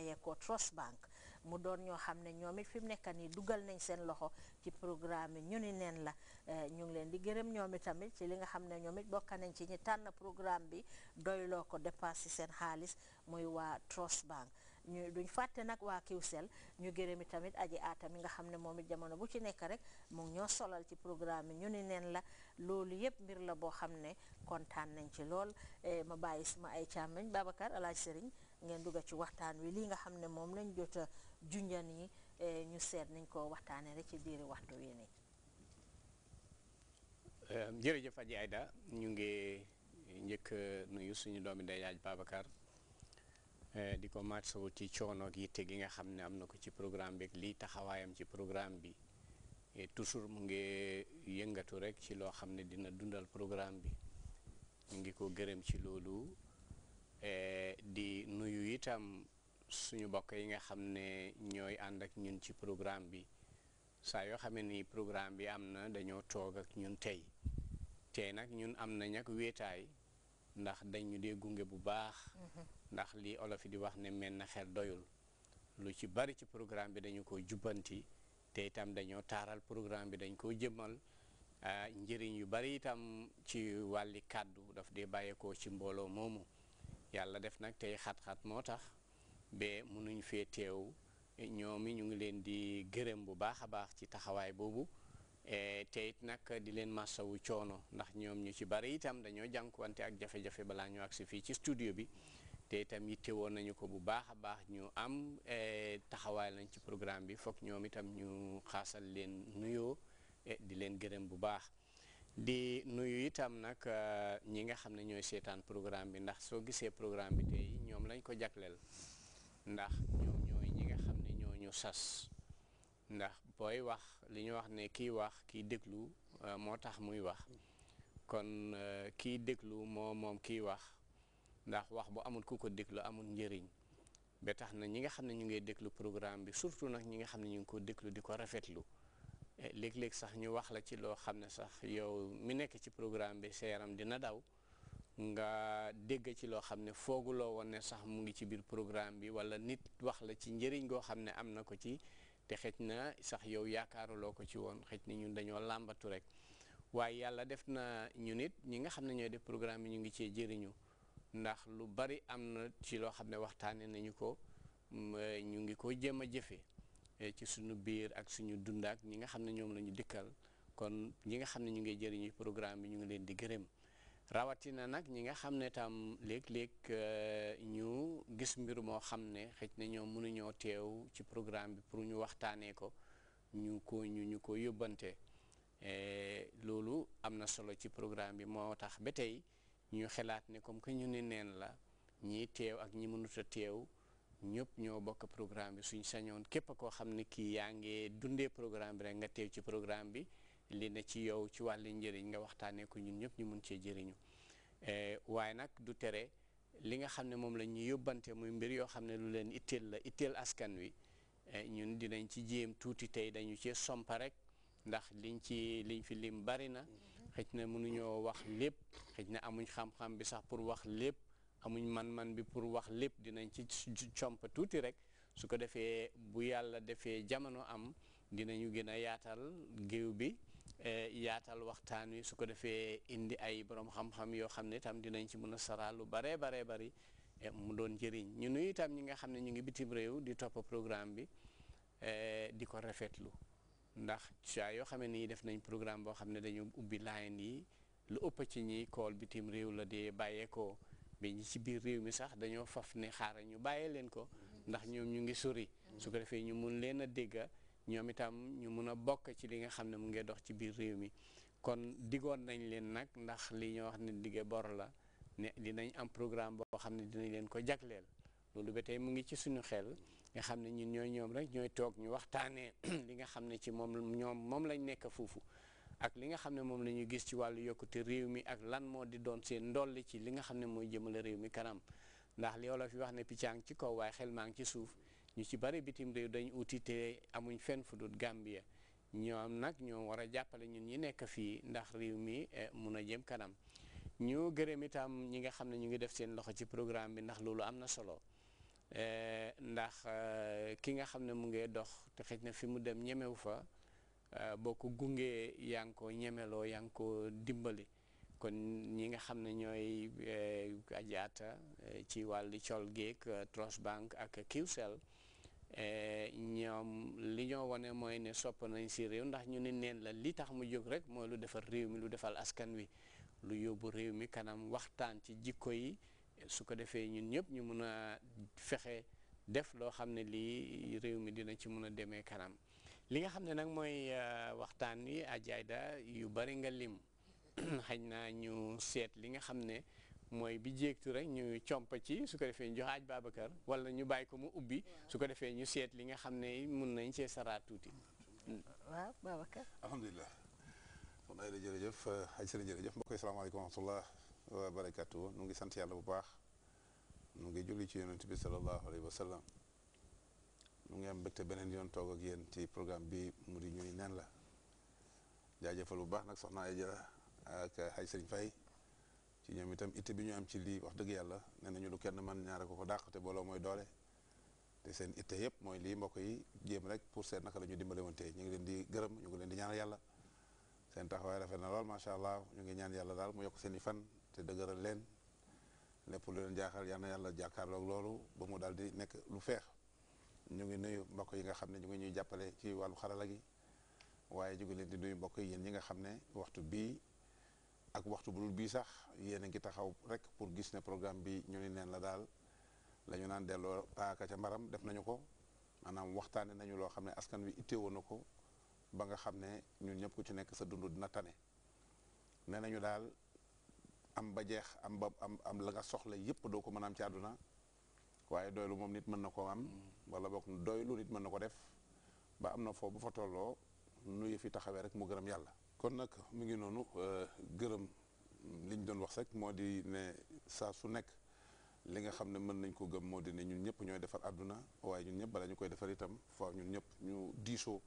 fayeekoo Trust Bank mu doon ñoo xam ne ñoom it fi mu nekk nii dugal nañ seen loxo ci programme yi ñu ni neen la eh, ñu ngi leen di gërëm ñoom it tamit ci li nga xam ne ñoom it bokk nañ ci ñi tànn programme bi doyloo ko dépassé seen xaalis muy waa Trust banque ñu duñ fàtte nag waa Qcell ñu gërëmi tamit aji aata mi nga xam ne moom it jamono bu ci nekk rek mu ñoo solal ci programme bi ñu ni neen la loolu yëpp mbir la boo xam ne kontaan nañ ci lool eh, ma bàyyi ngeen dugg ci waxtaan wi lii nga xam ne moom lañ jot a junjan yi e, ñu seet nañ ko waxtaanee rek ci biiri waxtu wi nii. E, jërëjëf Adja Aida ñu ngi njëkk nuyu suñu doomi day yaaj Babacar e, di ko maatsawu ci coono ak yitte gi nga xam ne am na ko ci programme bi lii taxawaayam ci programme bi toujours mu ngi yëngatu rek ci loo xam ne dina dundal programme bi ñu ngi ko gërëm ci loolu. Eh, di nuyu itam suñu bokk yi nga xam ne ñooy ànd ak ñun ci programme bi saa yoo xamee ni programme bi am na dañoo toog ak ñun tey tey nag ñun am nañ ak wéetaay ndax dañu dee gunge bu baax mhm. ndax li olof yi di wax ne mel na xel doyul lu ci bari ci programme bi dañu ko jubbanti te itam dañoo taaral programme bi dañ koo jëmal ah, njëriñ yu bari itam ci wàlli kàddu daf dee bàyyeekoo ci mbooloo moomu yàlla def nag tey xat-xat moo tax ba munuñ fee teew ñoom ñoomi ñu ngi leen di gërëm bu baax a baax ci taxawaay boobu e, te it nag di leen masawu coono ndax ñoom ñu ci bari itam dañoo jànkuwante ak jafe-jafe balaa ñu agsi fii ci studio bi te itam yitte woon nañu ko bu baax a baax ñu am e, taxawaay lañ ci programme bi foog ñoom itam ñu xaasal leen nuyoo e, di leen gërëm bu baax di nuyu itam nag euh, ñi nga xam ne ñooy seetaan programme bi ndax soo gisee programme bi tey ñoom lañ ko jagleel ndax ñoom ñooy ñi nga xam ne ñoo ñu sas ndax booy wax li ñu wax ne kii wax kii déglu euh, moo tax muy wax kon euh, kii déglu moo moom kii wax ndax wax bu amul ku ko déglu amul njëriñ ba tax na ñi nga xam ne ñu ngi déglu programme bi surtout nag ñi nga xam ne ñu ngi ko déglu di ko rafetlu Eh, léeg-léeg sax ñu wax la ci loo xam ne sax yow mu nekk ci programme bi sa yaram dina daw nga dégg ci loo xam ne fooguloo woon ne sax mu ngi ci biir programme bi wala nit wax la ci njëriñ goo xam ne am na ko ci te xëj na sax yow yaakaaruloo ko ci woon xëj na ñun dañoo làmbatu rek waaye yàlla def na ñu nit ñi nga xam ne ñooy de programme bi ñu ngi cee jëriñu ndax lu bari am na ci loo xam ne waxtaane nañu ko eh, ñu ngi ko jéem a jëfe Eh, ci suñu biir ak suñu dund ak ñi nga xam ne ñoom lañu ñu dikkal kon ñi nga xam ne ñu ngi jëriñu programme bi ñu ngi leen di gërëm rawatina nag ñi nga xam ne tam léeg-léeg eh, ñu gis mbir moo xam ne xëj na ñoom mënuñoo teew ci programme bi pour ñu waxtaanee ko ñu ko ñu ñu ko yóbbante eh, loolu am na solo ci programme bi moo tax ba tey ñu xelaat ne comme que ñu ne neen la ñii teew ak ñi mënut a teew ñëpp ñoo bokk programme bi suñ sañoon képp koo xam ne kii yaa ngi dundee programme bi rek nga teew ci programme bi li ne ci yow ci wàll njëriñ nga waxtaanee ko ñun ñëpp ñu mun cee jëriñu eh, waaye nag du tere li nga xam ne moom la ñuy yóbbante muy mbir yoo xam ne lu leen itteel la itteel askan wi eh, ñun dinañ ci jéem tuuti tey dañu cee sompa rek ndax liñ ci liñ fi lim bari na mm-hmm. xëj na mënuñoo wax lépp xëj na amuñ xam-xam bi sax pour wax lépp. amuñ man-man bi pour wax lépp dinañ ci comp tuuti rek su ko defee bu yàlla defee jamono am dinañu gën a yaatal géew bi eh, yaatal waxtaan wi su ko defee indi ay borom xam-xam yoo xam ne itam dinañ ci mën a saraalu baree baree bari eh, mu doon njëriñ ñu nuyu itam ñi nga xam ne ñu ngi bitim réew di topp programme bi eh, di ko rafetlu ndax saa yoo xam ne nii def nañ programme boo xam ne dañu ubbi line yi lu ëpp ci ñi kool bitim réew la dee bàyyeekoo. mais ñi ci biir réew mi sax dañoo faf ne xaaral ñu bàyyee leen ko ndax ñoom ñu ngi sori su ko defee ñu mun leen a dégga ñoom itam ñu mun a bokk ci li nga xam ne mu ngi dox ci biir réew mi kon diggoon nañ leen nag ndax li ñoo wax ne dige bor la ne dinañ am programme boo xam ne dinañ leen ko jagleel loolu ba tey mu ngi ci suñu xel nga xam ne ñu ñooy ñoom rek ñooy toog ñu waxtaanee li nga xam ne ci moom ñoom moom lañ nekk foofu ak li nga xam ne moom la ñu gis ci wàllu yokkute réew mi ak lan moo di doon seen ndolli ci li nga xam ne mooy jëmale réew mi kanam ndax li wolof yi wax ne piccaa ngi ci kaw waaye xel ci suuf ñu ci bari bitim réew dañu uti te amuñ fenn fu dul Gambia ñoom nag ñoo war a jàppale ñun ñi nekk fii ndax réew mi eh, mun a jëm kanam ñu gërëm itam ñi nga xam ne ñu ngi def seen loxo ci programme bi ndax loolu am na solo eh, ndax eh, ki nga xam ne mu ngi dox te xëj na fi mu dem ñemewu fa Euh, boo ko gungee yaa ñemeloo yaa dimbali kon ñi nga xam ne ñooy euh, ajaata euh, ci wàllu col geek banque ak Qcell ñoom li ñoo wane mooy ne sopp nañ si réew ndax ñu ne neen la li tax mu jóg rek mooy lu defal réew mi lu defal askan wi lu yóbbu réew mi kanam waxtaan ci jikko yi su ko defee ñun ñëpp ñu mun a fexe def loo xam ne lii réew mi dina ci mun a demee kanam li nga xam ne nag mooy euh, waxtaan wi ajaayda yu bari nga lim xaj naa ñu seet li nga xam ne mooy bi jéegtu rek ñu comp ci su ko defee ñu jox aaj Babacar wala ñu bàyyi ko mu ubbi su ko defee ñu seet li nga xam ne mun nañ cee saraat tuuti waaw Babacar alhamdulilah soxna Ayda jërëjëf euh, aj sëriñ jërëjëf mbokk yi salaamaaleykum wa rahmatullah wa barakatuh nu ngi sant yàlla bu baax nu ngi julli ci yonent bi sallallahu alayhi wa ñu ngi am mbégte beneen yoon toog ak ci programme bi mu di ñuy neen la jaajëfal lu baax nag soxna ay jara ak ay sëriñ fay ci ñoom itam itte bi ñu am ci lii wax dëgg yàlla nee nañu lu kenn man ñaare ko ko dàq te booloo mooy doole te seen itte yëpp mooy lii mbokk yi jéem rek pour seet naka la ñu dimbale woon tey ñu ngi leen di gërëm ñu ngi leen di ñaanal yàlla seen taxawaay rafet na lool macha allah ñu ngi ñaan yàlla daal mu yokk seen fan te dëgëral leen lépp lu leen jaaxal yal na yàlla jàkkaarloog loolu ba mu daal di nekk lu feex ñu ngi nuyu mbokk yi nga xamne ñu ngi ñuy jappalé ci walu xarala gi waaye ñu ngi leen di nuyu mbokk yi ñi nga xamne waxtu bi ak waxtu bu dul bi sax yéen ngi taxaw rek pour gis ne programme bi ñu ni neen la dal lañu ñu naan delloo paaka ca maram def nañu ko manam waxtane nañu lo xamne askan wi itteewoo na ko ba nga xamne ñun ñep ku ci nekk sa dundu dina tané ne nañu daal am ba jeex am ba am la nga soxla yépp do ko ci aduna waye doylu mom nit mën na am wala boog doy lu nit mën na ko def ba am na foo bu fa tolloo nuyu fi taxawee rek mu gërëm yàlla kon nag mu ngi noonu euh, gërëm li ñu doon wax rek moo di ne saa su nekk li nga xam ne mën nañ ko gëm moo di ne ñun ñëpp ñooy defar àdduna waaye ñun ñëpp bala ñu koy defar itam faaw ñun ñëpp ñu diisoo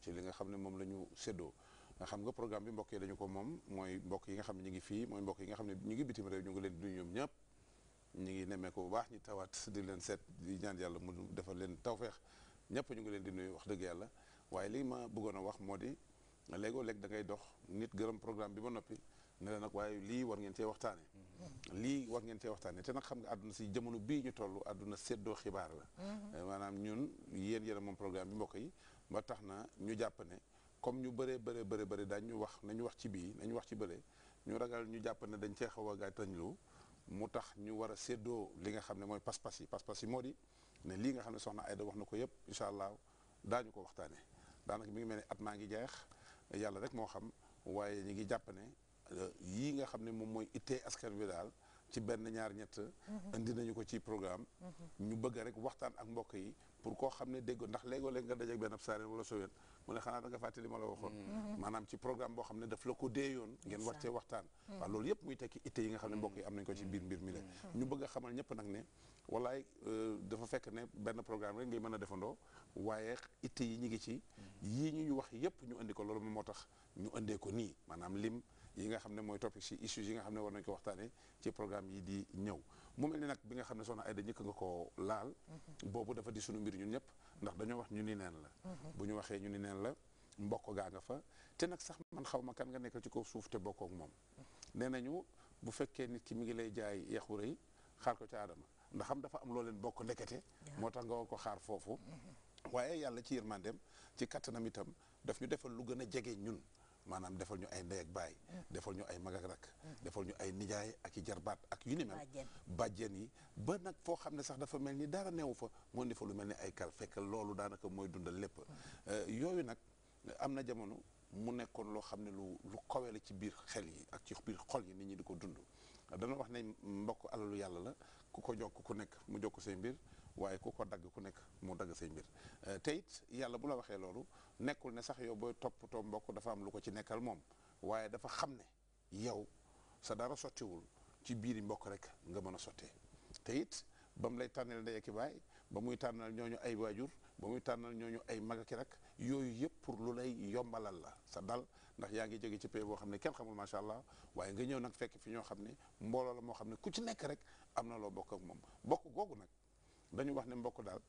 ci li nga xam ne moom la ñu séddoo nga xam nga programme bi mbokk yi dañu ko moom mooy mbokk yi nga xam ne ñu ngi fii mooy mbokk yi nga xam ne ñu ngi bitim réew ñu ngi leen ñëpp ñu ngi nemmee ko bu baax ñu tawaat di leen seet di ñaan yàlla mu defal leen tawféex ñëpp ñu ngi leen di nuy wax dëgg yàlla waaye li ma bëggoon a wax moo di léegoo léeg da ngay dox nit gërëm programme bi ba noppi ne la nag waaye lii war ngeen cee waxtaane lii war ngeen cee waxtaane te nag xam nga àdduna si jamono bii ñu toll àdduna séddoo xibaar la mm-hmm. maanaam ñun yéen yéen moom programme bi mbokk yi ba tax na ñu jàpp ne comme ñu bëree bëree bëri bëri daañu wax nañu wax ci bii nañu wax ci bële ñu ragal ñu jàpp ne dañ cee xaw a gaatañ mu tax ñu war a séddoo li nga xam ne mooy pas-pas yi pas-pas yi moo di ne lii nga xam ne soxna Ayda wax na ko yëpp incha allah daañu ko waxtaane daanaka mi ngi mel ne at maa ngi jeex yàlla rek moo xam waaye ñi ngi jàpp ne euh, yii nga xam ne moom mooy ittee askan wi daal ci benn ñaar ñett mm-hmm. indi nañu ko ci programme mm-hmm. ñu bëgg rek waxtaan ak mbokk yi pour koo xam ne dégg ndax léegoo léeg nga dajeek benn ab saareen wala soween mu ne xanaa da nga fàtte li ma la waxoon mm. mm-hmm. maanaam ci programme boo xam ne daf la ko dee yoon ngeen war cee waxtaan mm. waaw loolu yëpp muy tekki it yi nga xam ne mbokk yi am nañ ko ci mm. mi la mm-hmm. ñu bëgg xamal ñëpp nag ne wallaay euh, dafa fekk ne benn programme rek ngay mën a defandoo waaye itte yi ñu ngi ci yii ñuy wax yëpp ñu indi ko loolu moo tax ñu indee ko nii maanaam lim yi nga xam ne mooy topic si issues yi nga xam ne war nañ ko waxtaane ci programme yi di ñëw mu mel ni nag bi nga xam ne soxna Aida njëkk nga ko laal boobu dafa di sunu mbir ñun ñëpp ndax dañoo wax ñun ni neen la bu ñu waxee ñu ni neen la mbokk gaa nga fa te nag sax man xaw ma kan nga nekk ci kaw suuf te bokkook moom nee ñu bu fekkee nit ki mu ngi lay jaay yaxu rëy xaar ko ca aadama ndaxam dafa am loo leen bokk ndekete moo tax nga war ko xaar foofu mm-hmm. waaye yàlla ci yërmandeem ci kattanam itam daf ñu defal lu gën a jege ñun maanaam defal ñu ay ndey ak baay defal ñu ay mag ak rak defal ñu ay nijaay ak i jarbaat ak yu ni mel bàjjen yi ba nag foo xam ne sax dafa mel ni dara neewu fa moo ni fa lu mel ni ay kal fekk loolu daanaka mooy dundal lépp euh, yooyu nag am na jamono mu nekkoon loo xam ne lu lu kawe ci biir xel yi ak ci biir xol yi nit ñi di ko dund dana wax nañ mbokk alalu yàlla la ku ko jokk ku nekk mu jokk say mbir waaye ku ko dagg ku nekk mu dagg say mbir euh, te it yàlla bu la waxee loolu nekkul ne sax yow booy toppatoo mbokk dafa am lu ko ci nekkal moom waaye dafa xam ne yow sa dara sottiwul ci biir i mbokk rek nga mën a sottee te it ba mu lay tànnal ndey ak baay ba muy tànnal ñooñu ay waajur ba muy tànnal ñooñu ay magaki ak rek yooyu yëpp pour lu lay yombalal la sa dal ndax yaa ngi jóge ci pays boo xam ne kenn xamul macha allah waaye nga ñëw nag fekk fi ñoo xam ne mbooloo la moo xam ne ku ci nekk rek am na loo bokk ak moom bokk googu nag dañu wax ne mbokk daal